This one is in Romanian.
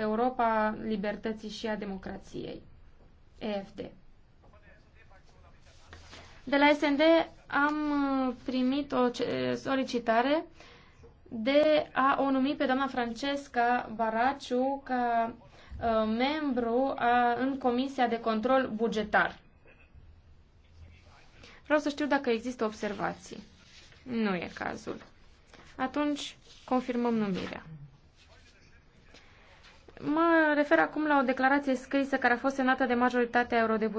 Europa Libertății și a Democrației, EFD. De la SND am primit o solicitare de a o numi pe doamna Francesca Baraciu ca ă, membru a, în Comisia de Control Bugetar. Vreau să știu dacă există observații. Nu e cazul. Atunci confirmăm numirea. Mă refer acum la o declarație scrisă care a fost semnată de majoritatea eurodeputaților.